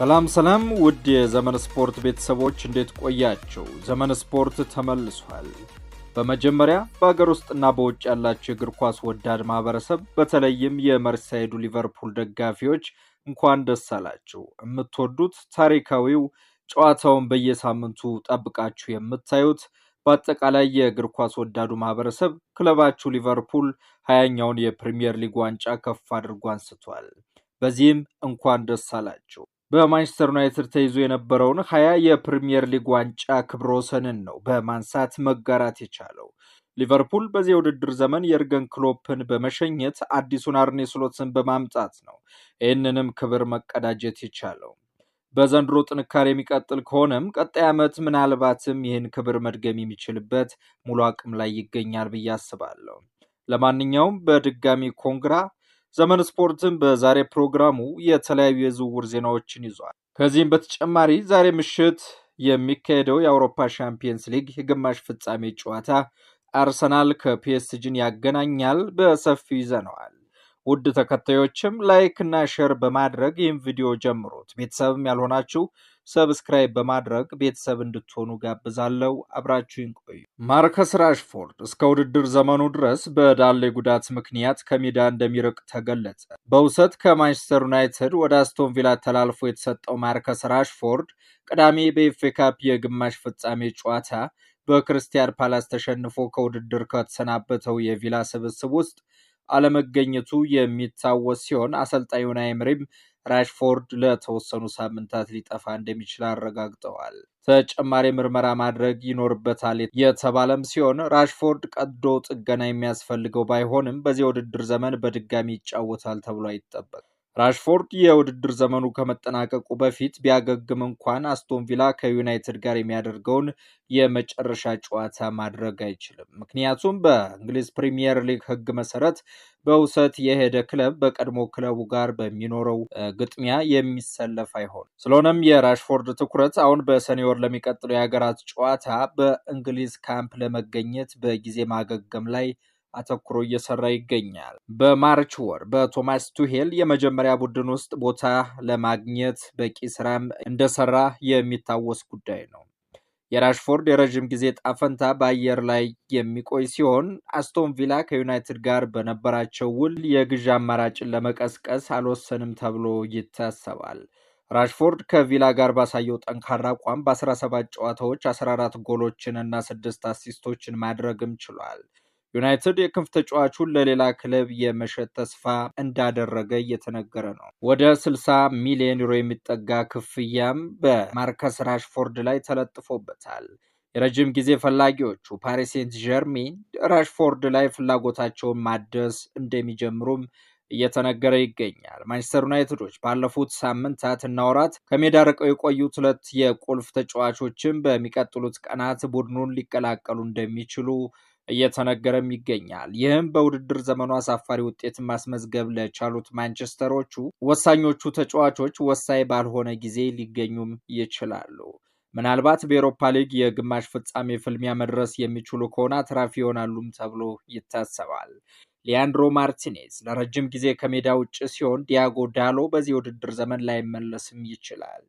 ሰላም ሰላም ውድ የዘመን ስፖርት ቤተሰቦች እንዴት ቆያቸው? ዘመን ስፖርት ተመልሷል። በመጀመሪያ በአገር ውስጥና በውጭ ያላቸው የእግር ኳስ ወዳድ ማህበረሰብ በተለይም የመርሳይዱ ሊቨርፑል ደጋፊዎች እንኳን ደስ አላቸው የምትወዱት ታሪካዊው ጨዋታውን በየሳምንቱ ጠብቃችሁ የምታዩት በአጠቃላይ የእግር ኳስ ወዳዱ ማህበረሰብ ክለባችሁ ሊቨርፑል ሀያኛውን የፕሪምየር ሊግ ዋንጫ ከፍ አድርጎ አንስቷል። በዚህም እንኳን ደስ አላቸው በማንቸስተር ዩናይትድ ተይዞ የነበረውን ሀያ የፕሪምየር ሊግ ዋንጫ ክብረ ወሰንን ነው በማንሳት መጋራት የቻለው። ሊቨርፑል በዚህ የውድድር ዘመን የእርገን ክሎፕን በመሸኘት አዲሱን አርኔ ስሎትን በማምጣት ነው ይህንንም ክብር መቀዳጀት የቻለው። በዘንድሮ ጥንካሬ የሚቀጥል ከሆነም ቀጣይ ዓመት ምናልባትም ይህን ክብር መድገም የሚችልበት ሙሉ አቅም ላይ ይገኛል ብዬ አስባለሁ። ለማንኛውም በድጋሚ ኮንግራ ዘመን ስፖርትም በዛሬ ፕሮግራሙ የተለያዩ የዝውውር ዜናዎችን ይዟል። ከዚህም በተጨማሪ ዛሬ ምሽት የሚካሄደው የአውሮፓ ሻምፒየንስ ሊግ የግማሽ ፍጻሜ ጨዋታ አርሰናል ከፒኤስጂን ያገናኛል፣ በሰፊው ይዘነዋል። ውድ ተከታዮችም ላይክ እና ሼር በማድረግ ይህም ቪዲዮ ጀምሩት። ቤተሰብም ያልሆናችሁ ሰብስክራይብ በማድረግ ቤተሰብ እንድትሆኑ ጋብዛለሁ። አብራችሁን ቆዩ። ማርከስ ራሽፎርድ እስከ ውድድር ዘመኑ ድረስ በዳሌ ጉዳት ምክንያት ከሜዳ እንደሚርቅ ተገለጸ። በውሰት ከማንቸስተር ዩናይትድ ወደ አስቶን ቪላ ተላልፎ የተሰጠው ማርከስ ራሽፎርድ ቅዳሜ በኤፌ ካፕ የግማሽ ፍጻሜ ጨዋታ በክርስቲያን ፓላስ ተሸንፎ ከውድድር ከተሰናበተው የቪላ ስብስብ ውስጥ አለመገኘቱ የሚታወስ ሲሆን አሰልጣኝ ዩናይምሪም ራሽፎርድ ለተወሰኑ ሳምንታት ሊጠፋ እንደሚችል አረጋግጠዋል። ተጨማሪ ምርመራ ማድረግ ይኖርበታል የተባለም ሲሆን ራሽፎርድ ቀዶ ጥገና የሚያስፈልገው ባይሆንም በዚህ ውድድር ዘመን በድጋሚ ይጫወታል ተብሎ አይጠበቅም። ራሽፎርድ የውድድር ዘመኑ ከመጠናቀቁ በፊት ቢያገግም እንኳን አስቶን ቪላ ከዩናይትድ ጋር የሚያደርገውን የመጨረሻ ጨዋታ ማድረግ አይችልም። ምክንያቱም በእንግሊዝ ፕሪሚየር ሊግ ሕግ መሰረት በውሰት የሄደ ክለብ በቀድሞ ክለቡ ጋር በሚኖረው ግጥሚያ የሚሰለፍ አይሆን። ስለሆነም የራሽፎርድ ትኩረት አሁን በሰኔ ወር ለሚቀጥለው የሀገራት ጨዋታ በእንግሊዝ ካምፕ ለመገኘት በጊዜ ማገገም ላይ አተኩሮ እየሰራ ይገኛል። በማርች ወር በቶማስ ቱሄል የመጀመሪያ ቡድን ውስጥ ቦታ ለማግኘት በቂ ስራም እንደሰራ የሚታወስ ጉዳይ ነው። የራሽፎርድ የረዥም ጊዜ ጣፈንታ በአየር ላይ የሚቆይ ሲሆን አስቶን ቪላ ከዩናይትድ ጋር በነበራቸው ውል የግዢ አማራጭን ለመቀስቀስ አልወሰንም ተብሎ ይታሰባል። ራሽፎርድ ከቪላ ጋር ባሳየው ጠንካራ አቋም በ17 ጨዋታዎች 14 ጎሎችን እና 6 አሲስቶችን ማድረግም ችሏል። ዩናይትድ የክንፍ ተጫዋቹን ለሌላ ክለብ የመሸጥ ተስፋ እንዳደረገ እየተነገረ ነው። ወደ 60 ሚሊዮን ዩሮ የሚጠጋ ክፍያም በማርከስ ራሽፎርድ ላይ ተለጥፎበታል። የረጅም ጊዜ ፈላጊዎቹ ፓሪስ ሴንት ጀርሜን ራሽፎርድ ላይ ፍላጎታቸውን ማደስ እንደሚጀምሩም እየተነገረ ይገኛል። ማንቸስተር ዩናይትዶች ባለፉት ሳምንታት እና ወራት ከሜዳ ርቀው የቆዩት ሁለት የቁልፍ ተጫዋቾችን በሚቀጥሉት ቀናት ቡድኑን ሊቀላቀሉ እንደሚችሉ እየተነገረም ይገኛል። ይህም በውድድር ዘመኑ አሳፋሪ ውጤት ማስመዝገብ ለቻሉት ማንቸስተሮቹ ወሳኞቹ ተጫዋቾች ወሳኝ ባልሆነ ጊዜ ሊገኙም ይችላሉ። ምናልባት በኤሮፓ ሊግ የግማሽ ፍጻሜ ፍልሚያ መድረስ የሚችሉ ከሆነ አትራፊ ይሆናሉም ተብሎ ይታሰባል። ሊያንድሮ ማርቲኔዝ ለረጅም ጊዜ ከሜዳ ውጭ ሲሆን፣ ዲያጎ ዳሎ በዚህ ውድድር ዘመን ላይመለስም ይችላል።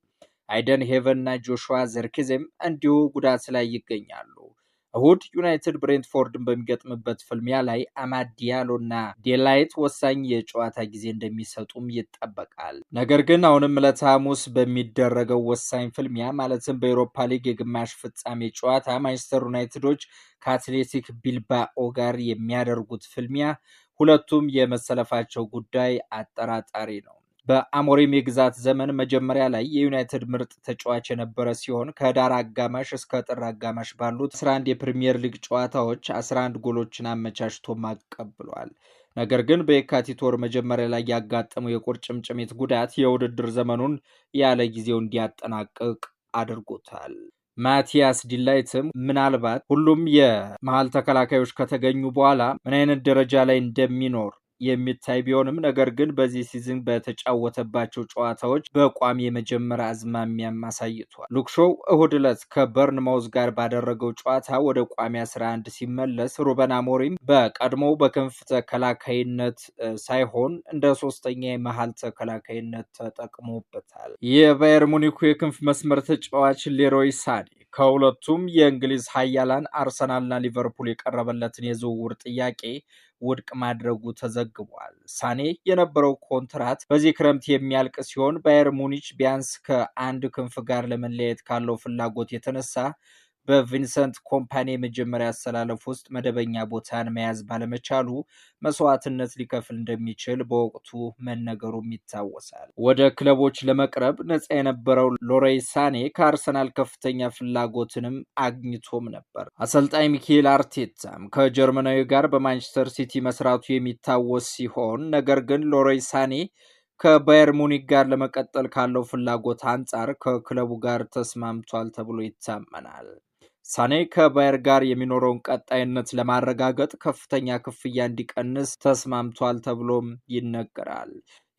አይደን ሄቨን እና ጆሹዋ ዘርኪዜም እንዲሁ ጉዳት ላይ ይገኛሉ። እሁድ ዩናይትድ ብሬንትፎርድን በሚገጥምበት ፍልሚያ ላይ አማድ ዲያሎ እና ዴላይት ወሳኝ የጨዋታ ጊዜ እንደሚሰጡም ይጠበቃል። ነገር ግን አሁንም ዕለተ ሐሙስ በሚደረገው ወሳኝ ፍልሚያ ማለትም በኤሮፓ ሊግ የግማሽ ፍጻሜ ጨዋታ ማንቸስተር ዩናይትዶች ከአትሌቲክ ቢልባኦ ጋር የሚያደርጉት ፍልሚያ ሁለቱም የመሰለፋቸው ጉዳይ አጠራጣሪ ነው። በአሞሪም የግዛት ዘመን መጀመሪያ ላይ የዩናይትድ ምርጥ ተጫዋች የነበረ ሲሆን ከህዳር አጋማሽ እስከ ጥር አጋማሽ ባሉት 11 የፕሪምየር ሊግ ጨዋታዎች 11 ጎሎችን አመቻችቶ ማቀብሏል። ነገር ግን በየካቲት ወር መጀመሪያ ላይ ያጋጠመው የቁርጭምጭሚት ጉዳት የውድድር ዘመኑን ያለ ጊዜው እንዲያጠናቅቅ አድርጎታል። ማቲያስ ዲላይትም ምናልባት ሁሉም የመሀል ተከላካዮች ከተገኙ በኋላ ምን አይነት ደረጃ ላይ እንደሚኖር የሚታይ ቢሆንም ነገር ግን በዚህ ሲዝን በተጫወተባቸው ጨዋታዎች በቋሚ የመጀመሪያ አዝማሚያም አሳይቷል። ሉክሾው እሁድ ዕለት ከበርንማውዝ ጋር ባደረገው ጨዋታ ወደ ቋሚ 11 ሲመለስ ሩበን አሞሪም በቀድሞው በክንፍ ተከላካይነት ሳይሆን እንደ ሶስተኛ የመሀል ተከላካይነት ተጠቅሞበታል። የባየር ሙኒኩ የክንፍ መስመር ተጫዋች ሌሮይ ሳኔ ከሁለቱም የእንግሊዝ አርሰናል አርሰናልና ሊቨርፑል የቀረበለትን የዝውውር ጥያቄ ውድቅ ማድረጉ ተዘግቧል። ሳኔ የነበረው ኮንትራት በዚህ ክረምት የሚያልቅ ሲሆን ባየር ሙኒች ቢያንስ ከአንድ ክንፍ ጋር ለመለያየት ካለው ፍላጎት የተነሳ በቪንሰንት ኮምፓኒ የመጀመሪያ አሰላለፍ ውስጥ መደበኛ ቦታን መያዝ ባለመቻሉ መስዋዕትነት ሊከፍል እንደሚችል በወቅቱ መነገሩም ይታወሳል። ወደ ክለቦች ለመቅረብ ነፃ የነበረው ሎሬይ ሳኔ ከአርሰናል ከፍተኛ ፍላጎትንም አግኝቶም ነበር። አሰልጣኝ ሚኬል አርቴታም ከጀርመናዊ ጋር በማንቸስተር ሲቲ መስራቱ የሚታወስ ሲሆን ነገር ግን ሎሬይ ሳኔ ከባየር ሙኒክ ጋር ለመቀጠል ካለው ፍላጎት አንጻር ከክለቡ ጋር ተስማምቷል ተብሎ ይታመናል። ሳኔ ከባየር ጋር የሚኖረውን ቀጣይነት ለማረጋገጥ ከፍተኛ ክፍያ እንዲቀንስ ተስማምቷል ተብሎም ይነገራል።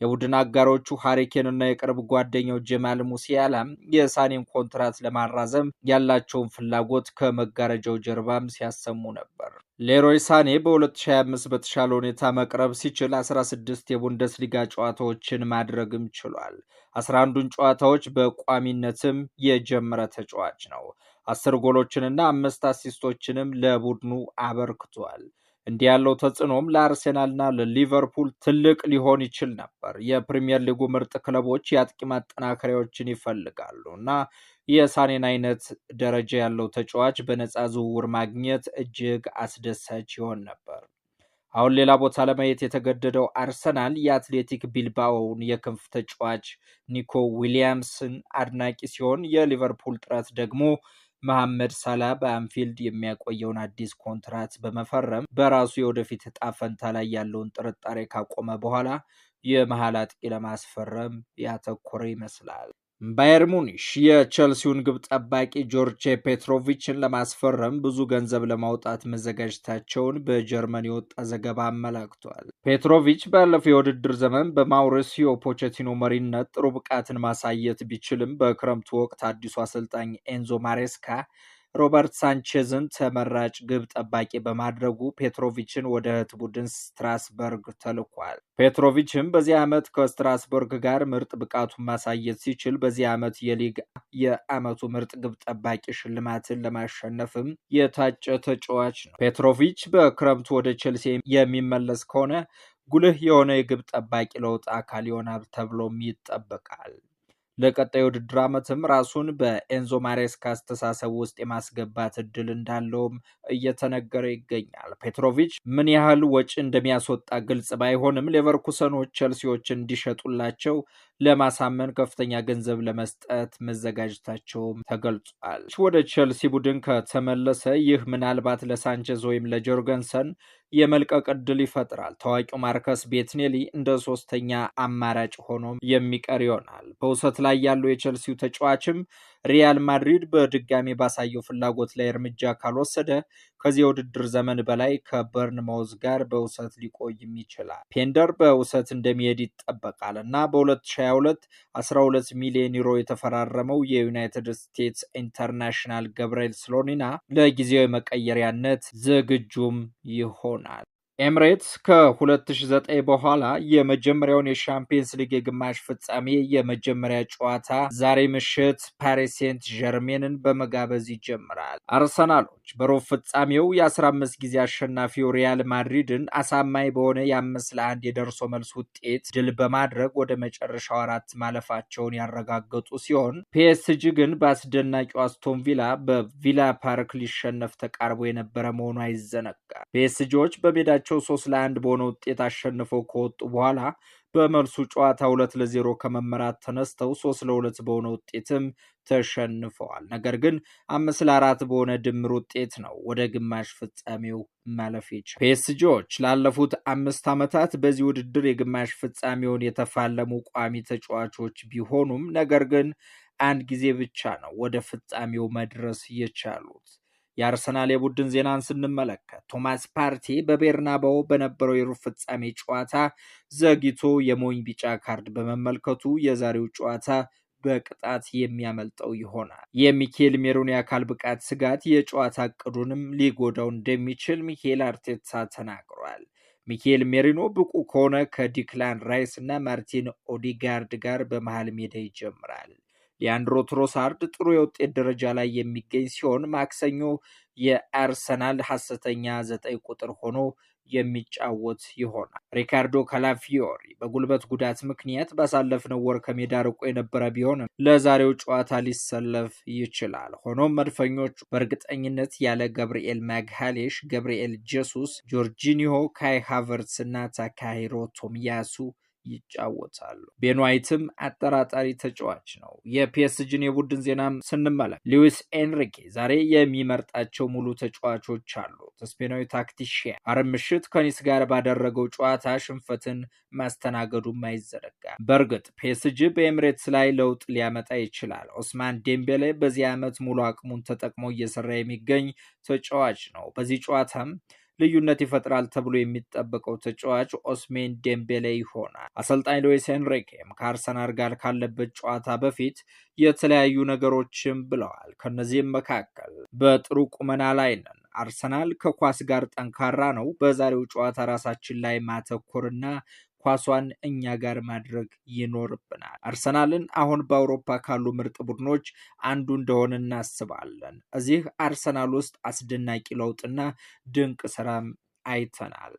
የቡድን አጋሮቹ ሃሪኬንና የቅርብ ጓደኛው ጀማል ሙሲያላ የሳኔን ኮንትራት ለማራዘም ያላቸውን ፍላጎት ከመጋረጃው ጀርባም ሲያሰሙ ነበር። ሌሮይ ሳኔ በ2025 በተሻለ ሁኔታ መቅረብ ሲችል 16 የቡንደስሊጋ ጨዋታዎችን ማድረግም ችሏል። 11ዱን ጨዋታዎች በቋሚነትም የጀመረ ተጫዋች ነው። አስር ጎሎችንና አምስት አሲስቶችንም ለቡድኑ አበርክቷል። እንዲህ ያለው ተጽዕኖም ለአርሴናልና ለሊቨርፑል ትልቅ ሊሆን ይችል ነበር። የፕሪምየር ሊጉ ምርጥ ክለቦች የአጥቂ ማጠናከሪያዎችን ይፈልጋሉ እና የሳኔን አይነት ደረጃ ያለው ተጫዋች በነፃ ዝውውር ማግኘት እጅግ አስደሳች ይሆን ነበር። አሁን ሌላ ቦታ ለማየት የተገደደው አርሰናል የአትሌቲክ ቢልባኦውን የክንፍ ተጫዋች ኒኮ ዊሊያምስን አድናቂ ሲሆን የሊቨርፑል ጥረት ደግሞ መሐመድ ሳላ በአንፊልድ የሚያቆየውን አዲስ ኮንትራት በመፈረም በራሱ የወደፊት እጣ ፈንታ ላይ ያለውን ጥርጣሬ ካቆመ በኋላ የመሀል አጥቂ ለማስፈረም ያተኮረ ይመስላል። ባየር ሙኒሽ የቸልሲውን ግብ ጠባቂ ጆርጄ ፔትሮቪችን ለማስፈረም ብዙ ገንዘብ ለማውጣት መዘጋጀታቸውን በጀርመን የወጣ ዘገባ አመላክቷል። ፔትሮቪች ባለፈው የውድድር ዘመን በማውሪሲዮ ፖቼቲኖ መሪነት ጥሩ ብቃትን ማሳየት ቢችልም በክረምቱ ወቅት አዲሱ አሰልጣኝ ኤንዞ ማሬስካ ሮበርት ሳንቼዝን ተመራጭ ግብ ጠባቂ በማድረጉ ፔትሮቪችን ወደ እህት ቡድን ስትራስበርግ ተልኳል። ፔትሮቪችም በዚህ ዓመት ከስትራስበርግ ጋር ምርጥ ብቃቱን ማሳየት ሲችል በዚህ ዓመት የሊግ የዓመቱ ምርጥ ግብ ጠባቂ ሽልማትን ለማሸነፍም የታጨ ተጫዋች ነው። ፔትሮቪች በክረምቱ ወደ ቼልሲ የሚመለስ ከሆነ ጉልህ የሆነ የግብ ጠባቂ ለውጥ አካል ይሆናል ተብሎም ይጠበቃል። ለቀጣይ ውድድር ዓመትም ራሱን በኤንዞ ማሬስካ አስተሳሰብ ውስጥ የማስገባት እድል እንዳለውም እየተነገረ ይገኛል። ፔትሮቪች ምን ያህል ወጪ እንደሚያስወጣ ግልጽ ባይሆንም ሌቨርኩሰኖች ቸልሲዎች እንዲሸጡላቸው ለማሳመን ከፍተኛ ገንዘብ ለመስጠት መዘጋጀታቸውም ተገልጿል። ወደ ቼልሲ ቡድን ከተመለሰ ይህ ምናልባት ለሳንቸዝ ወይም ለጆርገንሰን የመልቀቅ እድል ይፈጥራል። ታዋቂው ማርከስ ቤትኔሊ እንደ ሶስተኛ አማራጭ ሆኖም የሚቀር ይሆናል። በውሰት ላይ ያለው የቼልሲው ተጫዋችም ሪያል ማድሪድ በድጋሚ ባሳየው ፍላጎት ላይ እርምጃ ካልወሰደ ከዚህ የውድድር ዘመን በላይ ከበርን ጋር በውሰት ሊቆይም ይችላል። ፔንደር በውሰት እንደሚሄድ ይጠበቃል እና በ2022 12 ሚሊዮን ዩሮ የተፈራረመው የዩናይትድ ስቴትስ ኢንተርናሽናል ገብርኤል ስሎኒና ለጊዜው የመቀየሪያነት ዝግጁም ይሆናል። ኤምሬትስ ከ2009 በኋላ የመጀመሪያውን የሻምፒየንስ ሊግ የግማሽ ፍጻሜ የመጀመሪያ ጨዋታ ዛሬ ምሽት ፓሪስ ሴንት ጀርሜንን በመጋበዝ ይጀምራል። አርሰናሎች በሩብ ፍጻሜው የ15 ጊዜ አሸናፊው ሪያል ማድሪድን አሳማኝ በሆነ የአምስት ለአንድ የደርሶ መልስ ውጤት ድል በማድረግ ወደ መጨረሻው አራት ማለፋቸውን ያረጋገጡ ሲሆን ፒኤስጂ ግን በአስደናቂው አስቶን ቪላ በቪላ ፓርክ ሊሸነፍ ተቃርቦ የነበረ መሆኑ አይዘነጋል። ፒኤስጂዎች በሜዳቸው ሜዳቸው ሶስት ለአንድ በሆነ ውጤት አሸንፈው ከወጡ በኋላ በመልሱ ጨዋታ ሁለት ለዜሮ ከመመራት ተነስተው ሶስት ለሁለት በሆነ ውጤትም ተሸንፈዋል። ነገር ግን አምስት ለአራት በሆነ ድምር ውጤት ነው ወደ ግማሽ ፍጻሜው ማለፍ ይችል። ፒኤስጂዎች ላለፉት አምስት ዓመታት በዚህ ውድድር የግማሽ ፍጻሜውን የተፋለሙ ቋሚ ተጫዋቾች ቢሆኑም ነገር ግን አንድ ጊዜ ብቻ ነው ወደ ፍጻሜው መድረስ የቻሉት። የአርሰናል የቡድን ዜናን ስንመለከት ቶማስ ፓርቲ በቤርናባው በነበረው የሩብ ፍጻሜ ጨዋታ ዘግይቶ የሞኝ ቢጫ ካርድ በመመልከቱ የዛሬው ጨዋታ በቅጣት የሚያመልጠው ይሆናል። የሚኬል ሜሮን የአካል ብቃት ስጋት የጨዋታ እቅዱንም ሊጎዳው እንደሚችል ሚኬል አርቴታ ተናግሯል። ሚኬል ሜሪኖ ብቁ ከሆነ ከዲክላን ራይስ እና ማርቲን ኦዲጋርድ ጋር በመሃል ሜዳ ይጀምራል። ሊያንድሮ ትሮሳርድ ጥሩ የውጤት ደረጃ ላይ የሚገኝ ሲሆን ማክሰኞ የአርሰናል ሐሰተኛ ዘጠኝ ቁጥር ሆኖ የሚጫወት ይሆናል። ሪካርዶ ካላፊዮሪ በጉልበት ጉዳት ምክንያት ባሳለፍነው ወር ከሜዳ ርቆ የነበረ ቢሆንም ለዛሬው ጨዋታ ሊሰለፍ ይችላል። ሆኖም መድፈኞቹ በእርግጠኝነት ያለ ገብርኤል ማግሃሌሽ፣ ገብርኤል ጄሱስ፣ ጆርጂኒሆ፣ ካይ ሃቨርትስ እና ታካሂሮ ቶሚያሱ ይጫወታሉ። ቤንዋይትም አጠራጣሪ ተጫዋች ነው። የፒኤስጂን የቡድን ዜናም ስንመለከት ሉዊስ ኤንሪኬ ዛሬ የሚመርጣቸው ሙሉ ተጫዋቾች አሉ። ስፔናዊ ታክቲሽያን አርብ ምሽት ከኒስ ጋር ባደረገው ጨዋታ ሽንፈትን ማስተናገዱም አይዘነጋም። በእርግጥ ፒኤስጂ በኤምሬትስ ላይ ለውጥ ሊያመጣ ይችላል። ኦስማን ዴምቤሌ በዚህ ዓመት ሙሉ አቅሙን ተጠቅሞ እየሰራ የሚገኝ ተጫዋች ነው። በዚህ ጨዋታም ልዩነት ይፈጥራል ተብሎ የሚጠበቀው ተጫዋች ኦስሜን ዴምቤሌ ይሆናል። አሰልጣኝ ሉዊስ ሄንሪኬም ከአርሰናል ጋር ካለበት ጨዋታ በፊት የተለያዩ ነገሮችን ብለዋል። ከነዚህም መካከል በጥሩ ቁመና ላይ ነን፣ አርሰናል ከኳስ ጋር ጠንካራ ነው፣ በዛሬው ጨዋታ ራሳችን ላይ ማተኮርና ኳሷን እኛ ጋር ማድረግ ይኖርብናል። አርሰናልን አሁን በአውሮፓ ካሉ ምርጥ ቡድኖች አንዱ እንደሆነ እናስባለን። እዚህ አርሰናል ውስጥ አስደናቂ ለውጥና ድንቅ ስራም አይተናል።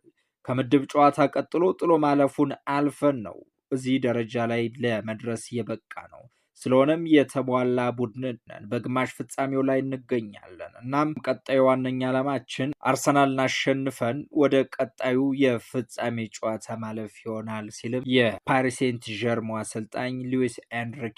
ከምድብ ጨዋታ ቀጥሎ ጥሎ ማለፉን አልፈን ነው እዚህ ደረጃ ላይ ለመድረስ የበቃ ነው። ስለሆነም የተሟላ ቡድን ነን። በግማሽ ፍጻሜው ላይ እንገኛለን። እናም ቀጣዩ ዋነኛ ዓላማችን አርሰናልን አሸንፈን ወደ ቀጣዩ የፍጻሜ ጨዋታ ማለፍ ይሆናል ሲልም የፓሪሴንት ጀርሞ አሰልጣኝ ሉዊስ ኤንሪኬ